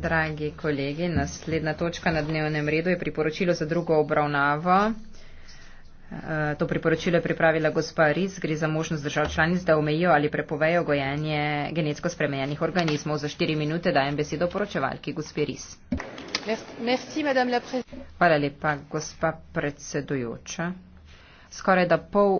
Dragi kolegi, naslednja točka na dnevnem redu je priporočilo za drugo obravnavo. Eh, to priporočilo je pripravila gospa Riz, gre za možnost držav članic, da omejijo ali prepovejo gojenje genetsko spremenjenih organizmov. Za štiri minute dajem besedo poročevalki gospe Riz. Hvala lepa, gospa predsedujoča. Skoraj da pol